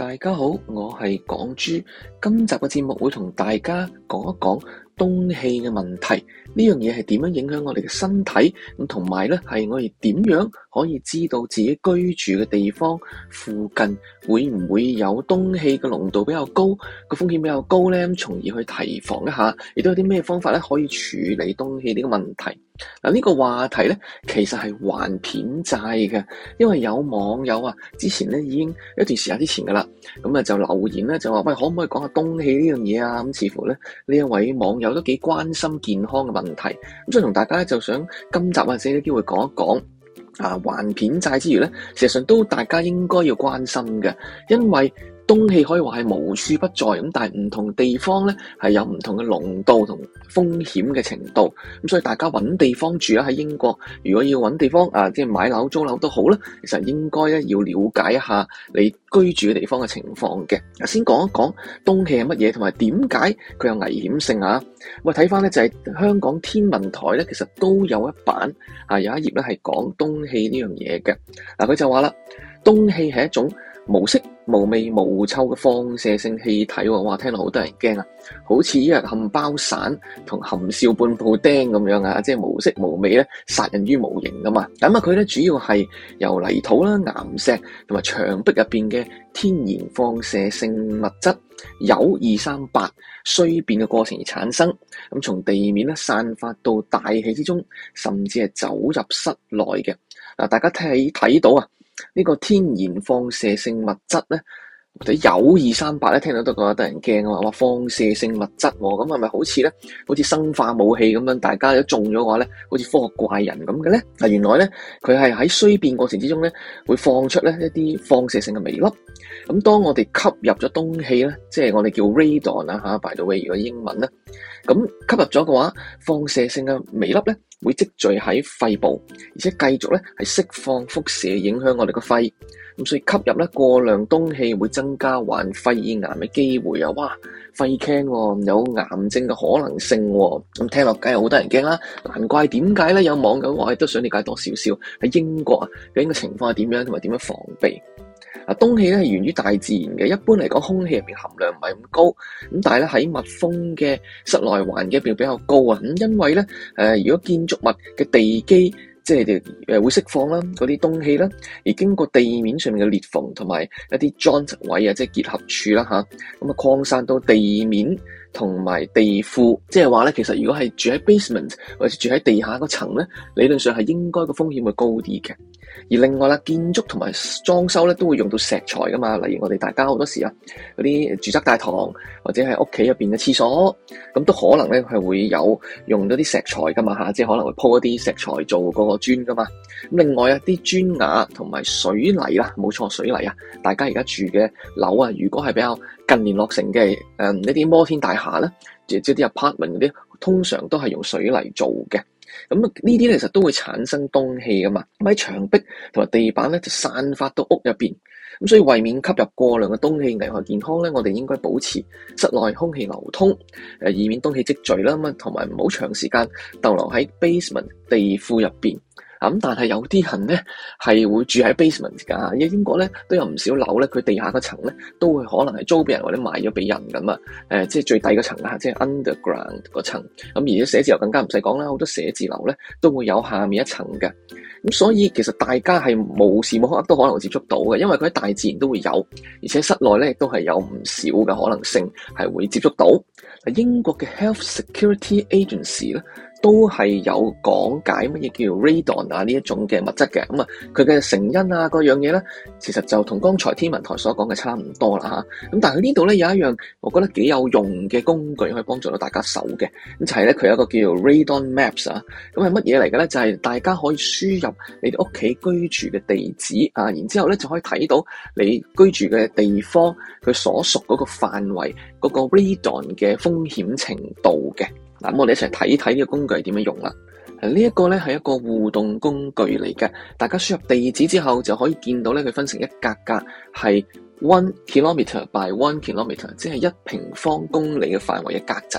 大家好，我係港豬。今集嘅節目會同大家講一講氡氣嘅問題，呢樣嘢係點樣影響我哋嘅身體？咁同埋咧，係我哋點樣可以知道自己居住嘅地方附近會唔會有氡氣嘅濃度比較高，個風險比較高咧？咁從而去提防一下，亦都有啲咩方法咧可以處理氡氣呢個問題？嗱，呢個話題咧，其實係還片債嘅，因為有網友啊，之前咧已經一段時間之前噶啦，咁啊就留言咧就話，喂，可唔可以講下氡氣呢樣嘢啊？咁似乎咧呢一位網友都幾關心健康嘅問題，咁所以同大家咧就想今集或者呢機會講一講啊還片債之餘咧，事實上都大家應該要關心嘅，因為。氡氣可以話係無處不在咁，但係唔同地方咧係有唔同嘅濃度同風險嘅程度，咁所以大家搵地方住啊喺英國，如果要搵地方啊，即係買樓租樓都好啦，其實應該咧要了解一下你居住嘅地方嘅情況嘅。先講一講氡氣係乜嘢，同埋點解佢有危險性啊？咁啊睇翻，咧就係香港天文台咧，其實都有一版啊，有一頁咧係講氡氣呢樣嘢嘅。嗱，佢就話啦，氡氣係一種。無色無味無臭嘅放射性氣體喎、哦，哇，聽落好多人驚啊，好似一日冚包散同含笑半步釘咁樣啊，即係無色無味咧，殺人於無形噶嘛。咁啊，佢咧主要係由泥土啦、岩石、同埋牆壁入邊嘅天然放射性物質鈾二三八衰變嘅過程而產生。咁從地面咧散發到大氣之中，甚至係走入室內嘅。嗱，大家睇睇到啊！呢個天然放射性物質咧，我哋有二三八咧，聽到都覺得得人驚啊！話放射性物質喎，咁係咪好似咧，好似生化武器咁樣？大家一中咗嘅話咧，好似科學怪人咁嘅咧？嗱，原來咧，佢係喺衰變過程之中咧，會放出咧一啲放射性嘅微粒。咁當我哋吸入咗氡氣咧，即係我哋叫 radon 下嚇，by the way，如果英文呢，咁吸入咗嘅話，放射性嘅微粒咧會積聚喺肺部，而且繼續咧係釋放輻射，影響我哋嘅肺。咁所以吸入咧過量氡氣會增加患肺癌嘅機會啊！哇，肺癌有癌症嘅可能性，咁聽落梗係好得人驚啦！難怪點解咧有網友話，亦都想理解多少少喺英國啊究竟個情況係點樣，同埋點樣防備。嗱，氡氣咧係源於大自然嘅，一般嚟講空氣入邊含量唔係咁高，咁但係咧喺密封嘅室內環境入邊比較高啊，咁因為咧，誒、呃，如果建築物嘅地基即係誒會釋放啦嗰啲氡氣啦，而經過地面上面嘅裂縫同埋一啲 joint 位啊，即係結合處啦，吓，咁啊擴散到地面同埋地庫，即係話咧，其實如果係住喺 basement 或者住喺地下嗰層咧，理論上係應該個風險會高啲嘅。而另外啦，建築同埋裝修咧都會用到石材噶嘛，例如我哋大家好多時啊，嗰啲住宅大堂或者喺屋企入面嘅廁所，咁都可能咧係會有用到啲石材噶嘛嚇，即係可能會鋪一啲石材做嗰個磚噶嘛。咁另外一啲磚瓦同埋水泥啦，冇錯水泥啊，大家而家住嘅樓啊，如果係比較近年落成嘅誒呢啲摩天大廈咧，即係即係啲 apartment 嗰啲，通常都係用水泥做嘅。咁呢啲咧其實都會產生氡氣噶嘛，咁喺牆壁同埋地板咧就散發到屋入面。咁所以為免吸入過量嘅氡氣危害健康咧，我哋應該保持室內空氣流通，誒，以免氡氣積聚啦，咁同埋唔好長時間逗留喺 basement 地庫入面。咁但係有啲人咧係會住喺 basement 㗎，因為英國咧都有唔少樓咧，佢地下嗰層咧都會可能係租俾人或者賣咗俾人咁啊、呃。即係最底嗰層啦，即係 underground 嗰層。咁、嗯、而且寫字樓更加唔使講啦，好多寫字樓咧都會有下面一層嘅。咁、嗯、所以其實大家係無時無刻都可能接觸到嘅，因為佢喺大自然都會有，而且室內咧亦都係有唔少嘅可能性係會接觸到。英國嘅 Health Security Agency 咧。都係有講解乜嘢叫 radon 啊，呢一種嘅物質嘅。咁啊，佢、嗯、嘅成因啊嗰樣嘢咧，其實就同剛才天文台所講嘅差唔多啦，嚇咁、啊、但係呢度咧有一樣，我覺得幾有用嘅工具，可以幫助到大家手嘅。咁就係咧，佢有一個叫做 radon maps 啊。咁係乜嘢嚟嘅咧？就係、是、大家可以輸入你屋企居住嘅地址啊，然之後咧就可以睇到你居住嘅地方佢所屬嗰個範圍嗰、那個 radon 嘅風險程度嘅。嗱，咁我哋一齊睇睇呢個工具係點樣用啦。這個、呢一個咧係一個互動工具嚟嘅，大家輸入地址之後就可以見到咧，佢分成一格格，係 one kilometre by one kilometre，即係一平方公里嘅範圍嘅格仔。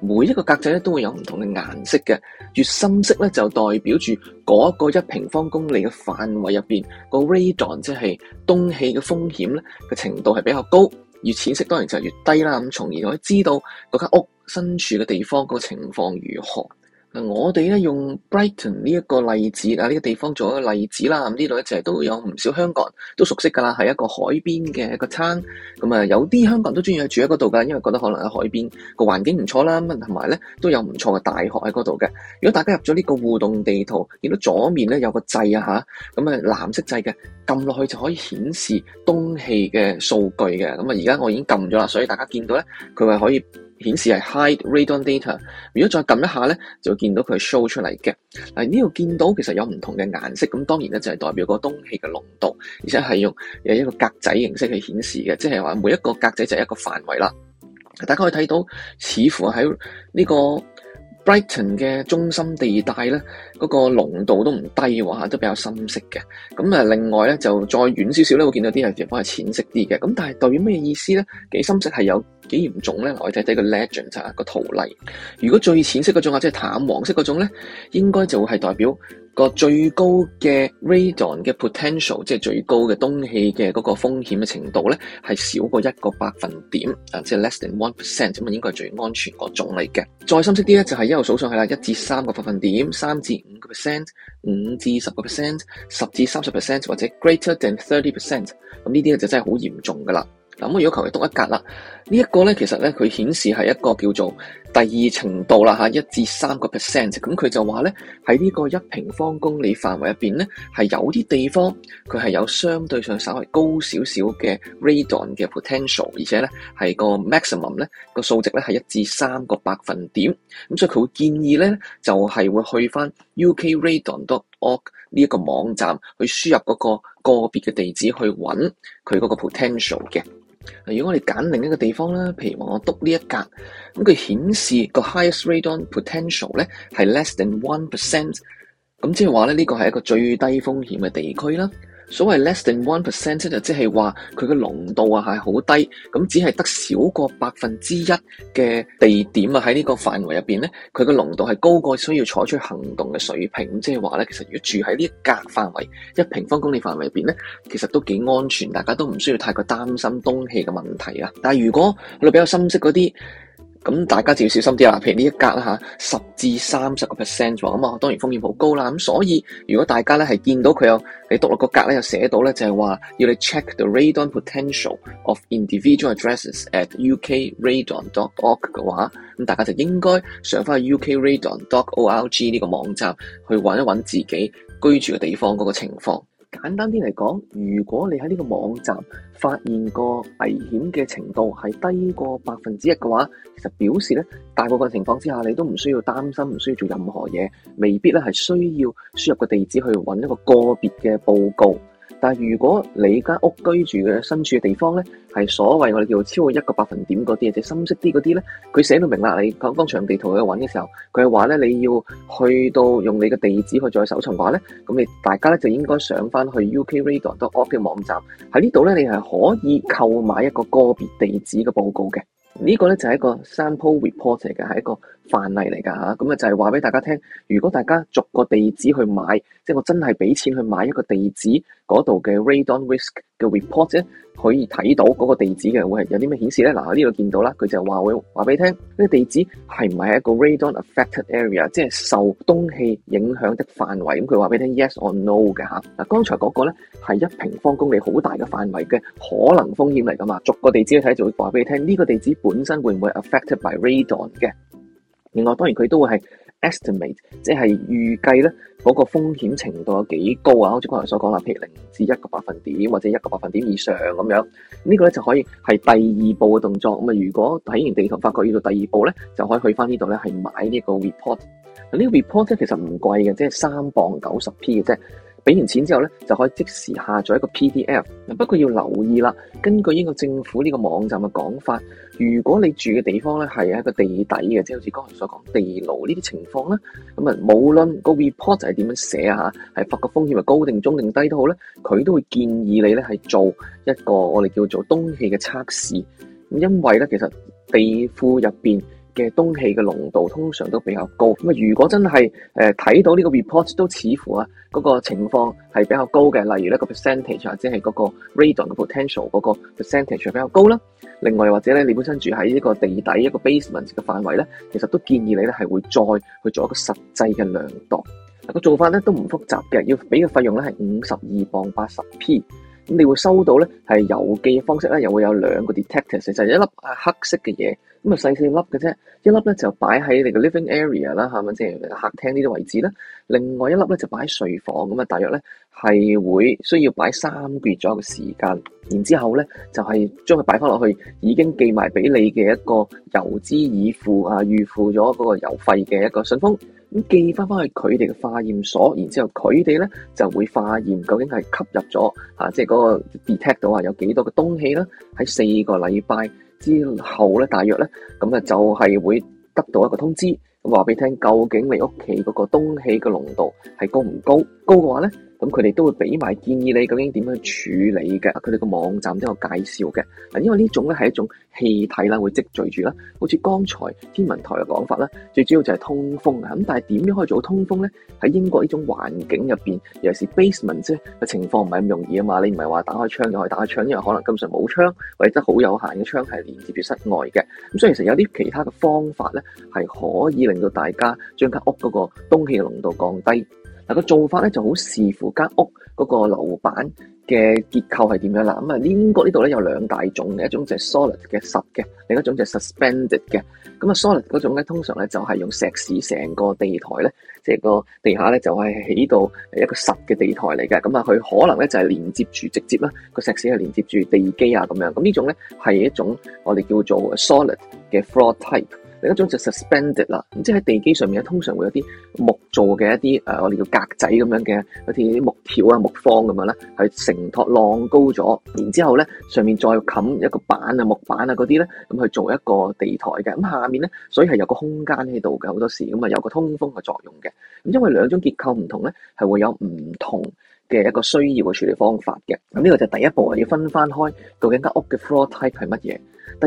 每一個格仔咧都會有唔同嘅顏色嘅，越深色咧就代表住嗰個一平方公里嘅範圍入邊個 radon，即係氡氣嘅風險咧嘅程度係比較高。越淺色當然就越低啦，咁從而可以知道嗰間屋身處嘅地方個情況如何。我哋咧用 Brighton 呢一個例子啊，呢、這個地方做一個例子啦。咁呢度一直都有唔少香港人都熟悉㗎啦，係一個海邊嘅一個餐。咁啊，有啲香港人都中意去住喺嗰度㗎，因為覺得可能喺海邊個環境唔錯啦，同埋咧都有唔錯嘅大學喺嗰度嘅。如果大家入咗呢個互動地圖，見到左面咧有個掣啊吓，咁啊藍色掣嘅，撳落去就可以顯示氡氣嘅數據嘅。咁啊，而家我已經撳咗啦，所以大家見到咧，佢係可以。顯示係 hide radon data。如果再撳一下咧，就會見到佢 show 出嚟嘅。嗱呢度見到其實有唔同嘅顏色，咁當然咧就係代表個氡氣嘅濃度，而且係用一個格仔形式去顯示嘅，即係話每一個格仔就係一個範圍啦。大家可以睇到，似乎喺呢個 Brighton 嘅中心地帶咧，嗰個濃度都唔低喎，都比較深色嘅。咁另外咧就再遠少少咧，會見到啲有地方係淺色啲嘅。咁但係代表咩意思咧？幾深色係有。幾嚴重咧？我哋睇睇個 legend 就係個圖例。如果最淺色嗰種啊，即係淡黃色嗰種咧，應該就會係代表個最高嘅 radon 嘅 potential，即係最高嘅氡氣嘅嗰個風險嘅程度咧，係少過一個百分點啊，即係 less than one percent，咁應該係最安全嗰種嚟嘅。再深色啲咧，就係一路數上去啦，一至三個百分點，三至五個 percent，五至十個 percent，十至三十 percent 或者 greater than thirty percent，咁呢啲咧就真係好嚴重噶啦。咁我如果求其篤一格啦，呢一個咧其實咧佢顯示係一個叫做第二程度啦嚇，一至三個 percent，咁佢就話咧喺呢個一平方公里範圍入邊咧係有啲地方佢係有相對上稍為高少少嘅 radon 嘅 potential，而且咧係個 maximum 咧個數值咧係一至三個百分點，咁，所以佢會建議咧就係會去翻 U.K.Radon.org 呢一個網站去輸入嗰個個別嘅地址去揾佢嗰個 potential 嘅。如果我哋揀另一個地方啦，譬如話我督呢一格，咁佢顯示個 highest radon potential 咧係 less than one percent，咁即係話咧呢個係一個最低風險嘅地區啦。所謂 less than one percent 即係即係話佢嘅濃度啊係好低，咁只係得少過百分之一嘅地點啊喺呢個範圍入面，咧，佢嘅濃度係高過需要採取行動嘅水平，即係話咧，其實要住喺呢一格範圍，一平方公里範圍入面咧，其實都幾安全，大家都唔需要太過擔心氡氣嘅問題啊。但係如果我哋比較深色嗰啲。咁大家就要小心啲啦，譬如呢一格啦嚇，十至三十個 percent 咗，咁啊當然風險好高啦。咁、啊、所以如果大家咧係見到佢有你讀落個格咧，又寫到咧就係、是、話要你 check the radon potential of individual addresses at ukradon.org 嘅話，咁大家就應該上翻 ukradon.org 呢個網站去搵一搵自己居住嘅地方嗰個情況。簡單啲嚟講，如果你喺呢個網站發現個危險嘅程度係低過百分之一嘅話，其實表示咧，大部分情況之下你都唔需要擔心，唔需要做任何嘢，未必咧係需要輸入個地址去揾一個個別嘅報告。但係如果你間屋居住嘅身處嘅地方咧，係所謂我哋叫超過一個百分點嗰啲，或者深色啲嗰啲咧，佢寫到明啦。你講廣場地圖去搵嘅時候，佢話咧，你要去到用你嘅地址去再搜尋嘅話咧，咁你大家咧就應該上翻去 UK Radar o org、OK、嘅網站，喺呢度咧，你係可以購買一個個別地址嘅報告嘅、這個、呢個咧就係、是、一個 sample report 嚟嘅，係一個。範例嚟㗎嚇，咁啊就係話俾大家聽。如果大家逐個地址去買，即係我真係俾錢去買一個地址嗰度嘅 radon risk 嘅 report 咧，可以睇到嗰個地址嘅會係有啲咩顯示咧。嗱，呢度見到啦，佢就話會話俾你聽呢個地址係唔係一個 radon affected area，即係受氡氣影響的範圍。咁佢話俾你聽 yes or no 嘅嚇。嗱，剛才嗰個咧係一平方公里好大嘅範圍嘅可能風險嚟㗎嘛。逐個地址去睇就會話俾你聽呢個地址本身會唔會 affected by radon 嘅？另外，當然佢都會係 estimate，即係預計咧嗰、嗰個風險程度有幾高啊！好似剛才所講啦，譬如零至一個百分點，或者一個百分點以上咁樣，呢個、呢個咧就可以係第二步嘅動作。咁啊，如果睇完地圖發覺要到第二步咧，就可以去返呢度咧係買呢個、呢個、呢個 report。呢個 report 咧其實唔貴嘅，即係三磅九十 p 嘅啫。俾完錢之後咧，就可以即時下載一個 PDF。不過要留意啦，根據英國政府呢個網站嘅講法，如果你住嘅地方咧係一個地底嘅，即係好似剛才所講地牢呢啲情況咧，咁啊，無論個 report 係點樣寫啊，係發個風險係高定中定低都好咧，佢都會建議你咧係做一個我哋叫做氡氣嘅測試。咁因為咧，其實地庫入邊嘅氡氣嘅濃度通常都比較高，咁啊如果真係誒睇到呢個 report 都似乎啊嗰個情況係比較高嘅，例如咧個 percentage 或者係嗰個 radon 嘅 potential 嗰個 percentage 係比較高啦。另外或者咧你本身住喺呢個地底一個 basement 嘅範圍咧，其實都建議你咧係會再去做一個實際嘅量度。這個做法咧都唔複雜嘅，要俾嘅費用咧係五十二磅八十 p，咁你會收到咧係郵寄方式咧，又會有兩個 detector，其實一粒黑色嘅嘢。咁啊細細粒嘅啫，一粒咧就擺喺你嘅 living area 啦，係咪？即係客廳呢啲位置啦。另外一粒咧就擺喺睡房，咁啊，大約咧係會需要擺三個月左右嘅時間。然之後咧就係將佢擺翻落去，已經寄埋俾你嘅一個郵資已付啊，預付咗嗰個郵費嘅一個信封，咁寄翻翻去佢哋嘅化驗所。然之後佢哋咧就會化驗究竟係吸入咗，即係嗰個 detect 到啊有幾多嘅氡氣啦，喺四個禮拜。之後咧，大約咧，咁啊就係會得到一個通知，咁話俾你聽究竟你屋企嗰個氡氣嘅濃度係高唔高？高嘅話咧。咁佢哋都會俾埋建議你究竟點樣處理嘅，佢哋個網站都有介紹嘅。嗱，因為呢種咧係一種氣體啦，會積聚住啦，好似剛才天文台嘅講法啦，最主要就係通風。咁但係點樣可以做到通風呢？喺英國呢種環境入面，尤其是 basement 咧嘅情況唔係咁容易啊嘛。你唔係話打開窗就可以打開窗，因為可能根本上冇窗，或者好有限嘅窗係連接住室外嘅。咁所以其實有啲其他嘅方法呢，係可以令到大家將間屋嗰個氡氣濃度降低。嗱個做法咧就好視乎間屋嗰個樓板嘅結構係點樣啦。咁啊，英國呢度咧有兩大種嘅一種就係 solid 嘅實嘅，另一種就係 suspended 嘅。咁啊，solid 嗰種咧通常咧就係用石屎成個地台咧，即係個地下咧就係起到一個實嘅地台嚟嘅。咁啊，佢可能咧就係連接住直接啦，個石屎係連接住地基啊咁樣。咁呢種咧係一種我哋叫做 solid 嘅 floor type。另一種就係 suspended 啦，咁即係地基上面咧，通常會有啲木造嘅一啲誒，我哋叫格仔咁樣嘅，好似啲木條啊、木方咁樣咧，去承托浪高咗，然之後咧上面再冚一個板啊、木板啊嗰啲咧，咁去做一個地台嘅，咁下面咧，所以係有個空間喺度嘅，好多時咁啊有個通風嘅作用嘅，咁因為兩種結構唔同咧，係會有唔同。嘅一個需要嘅處理方法嘅，咁、這、呢個就第一步啊，要分翻開究竟間屋嘅 floor type 係乜嘢，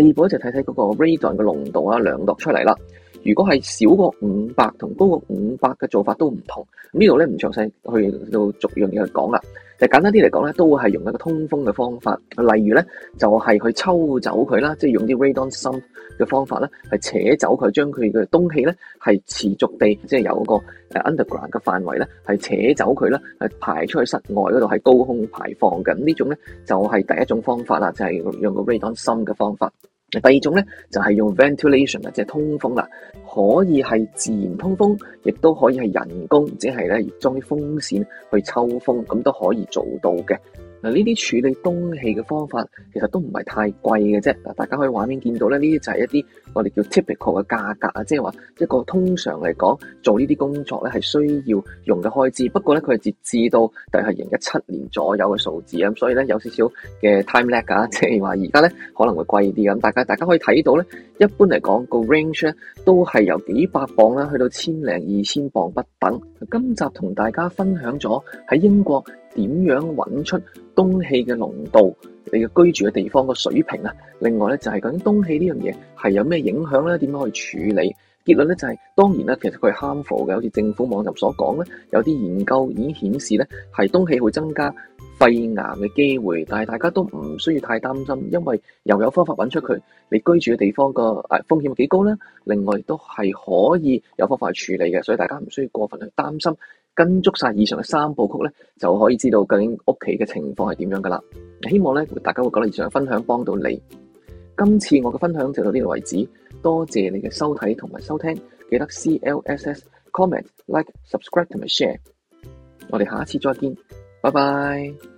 第二步就睇睇嗰個 radon 嘅濃度啊、量度出嚟啦。如果係少過五百同高過五百嘅做法都唔同，呢度咧唔詳細去到逐樣嘢去講啦。就簡單啲嚟講咧，都會係用一個通風嘅方法，例如咧就係去抽走佢啦，即係用啲 radon sump 嘅方法咧，係扯走佢，將佢嘅氡氣咧係持續地即係有一個 underground 嘅範圍咧係扯走佢啦，係排出去室外嗰度係高空排放嘅。咁呢種咧就係第一種方法啦，就係用個 radon sump 嘅方法。第二種咧就係用 ventilation，即係通風啦，可以係自然通風，亦都可以係人工，即係咧裝啲風扇去抽風，咁都可以做到嘅。嗱，呢啲處理氡氣嘅方法其實都唔係太貴嘅啫。嗱，大家可以畫面見到咧，呢啲就係一啲我哋叫 typical 嘅價格啊，即係話一個通常嚟講做呢啲工作咧係需要用嘅開支。不過咧，佢係截至到第係二零一七年左右嘅數字，咁所以咧有少少嘅 time lag 㗎，即係話而家咧可能會貴啲咁。大家大家可以睇到咧，一般嚟講個 range 咧都係由幾百鎊啦，去到千零二千鎊不等。今集同大家分享咗喺英國，點樣揾出氡氣嘅濃度？你嘅居住嘅地方個水平啊！另外咧就係究竟氡氣呢樣嘢係有咩影響咧？點樣去處理？結論咧就係當然啦，其實佢係 harmful 嘅，好似政府網站所講咧，有啲研究已經顯示咧係氡氣會增加肺癌嘅機會，但係大家都唔需要太擔心，因為又有方法揾出佢，你居住嘅地方個誒風險幾高咧？另外都係可以有方法去處理嘅，所以大家唔需要過分去擔心。跟足晒以上嘅三部曲咧，就可以知道究竟屋企嘅情況係點樣噶啦。希望咧大家會覺得以上嘅分享幫到你。今次我嘅分享就到呢度為止，多謝你嘅收睇同埋收聽，記得 CLSS，Comment、Like、Subscribe 同埋 Share。我哋下一次再見，拜拜。